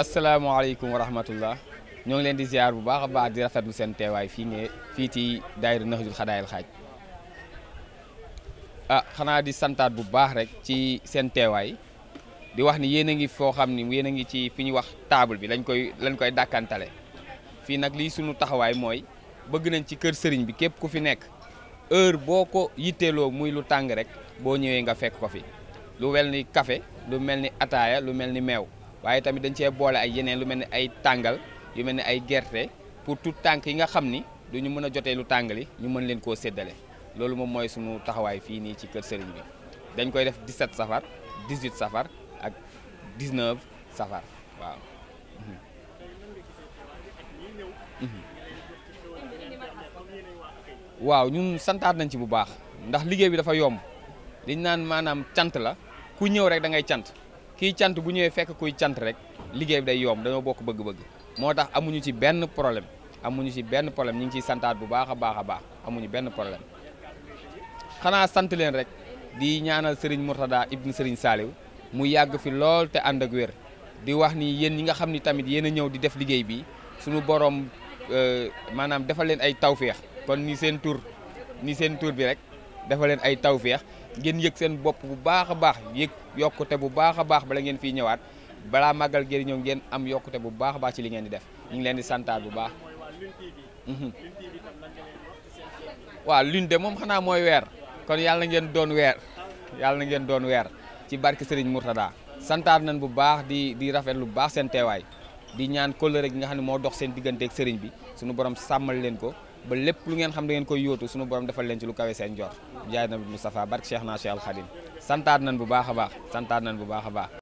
asalaamaaleykum wa rahmatullah ñoo ngi leen di ziar bu baax a baax di rafetlu seen teewaay fii ne fii ci daayira Nahjul Xadaayil Xaaj ah xanaa di santaat bu baax rek ci seen teewaay di wax ni yéen a ngi foo xam ni yéen a ngi ci fi ñuy wax table bi lañ koy lañ koy dàkkantale fii nag lii sunu taxawaay mooy bëgg nañ ci kër sëriñ bi képp ku fi nekk heure boo ko yitteeloo muy lu tàng rek boo ñëwee nga fekk ko fi lu mel ni kafe lu mel ni ataaya lu mel ni meew waaye tamit dañ cee boole ay yeneen lu mel ni ay tàngal yu mel ni ay gerte pour tout tànk yi nga xam ni du ñu mën a jotee lu tàngali ñu mën leen koo séddale loolu moom mooy sunu taxawaay fii nii ci kër sëriñ bi dañ koy def 17 safar 18 safar ak 19 safar waaw. waaw ñun santaat nañ ci bu baax ndax liggéey bi dafa yomb liñ naan maanaam cant la ku ñëw rek da ngay cant. ki cant bu ñëwee fekk kuy cant rek liggéey bi day yom dañu bokk bëgg-bëgg motax amuñu ci benn problème amuñu ci benn problème ñu ngi bu baaxa baaxa baax amuñu benn problème xana sant leen rek di ñaanal Serigne murtada ibnu Serigne saliw mu yagg fi lool te and ak wër di wax ni yeen ñi nga xamni ni tamit yéen ñëw di def liggéey bi suñu borom euh, manam defal leen ay tawféex kon ni seen tur ni seen tur bi rek defal leen ay ngeen yëg seen bopp bu baax a baax yëg yokkute bu baax a baax bala ngeen fii ñëwaat balaa màggal geen ñëw ngeen am yokkute bu baax baax ci li ngeen di def ñu ngi leen di santaat bu baax. Mhm. waaw lune de moom xanaa mooy weer kon yàlla ngeen doon weer yàlla na ngeen doon weer ci barke Serigne Mourtada santaat nañ bu baax di di rafet lu baax seen teewaay di ñaan kóllëre gi nga xam ne moo dox seen digganteeg sëriñ bi sunu borom sàmmal leen ko. ba lépp lu ngeen xam da ngeen koy yóotu suñu borom defal leen ci lu kawe seen jor jaay na bi Moustapha barke Cheikh naa Cheikh Al Khadim santaat nañ bu baax a baax santaat nan bu baax a baax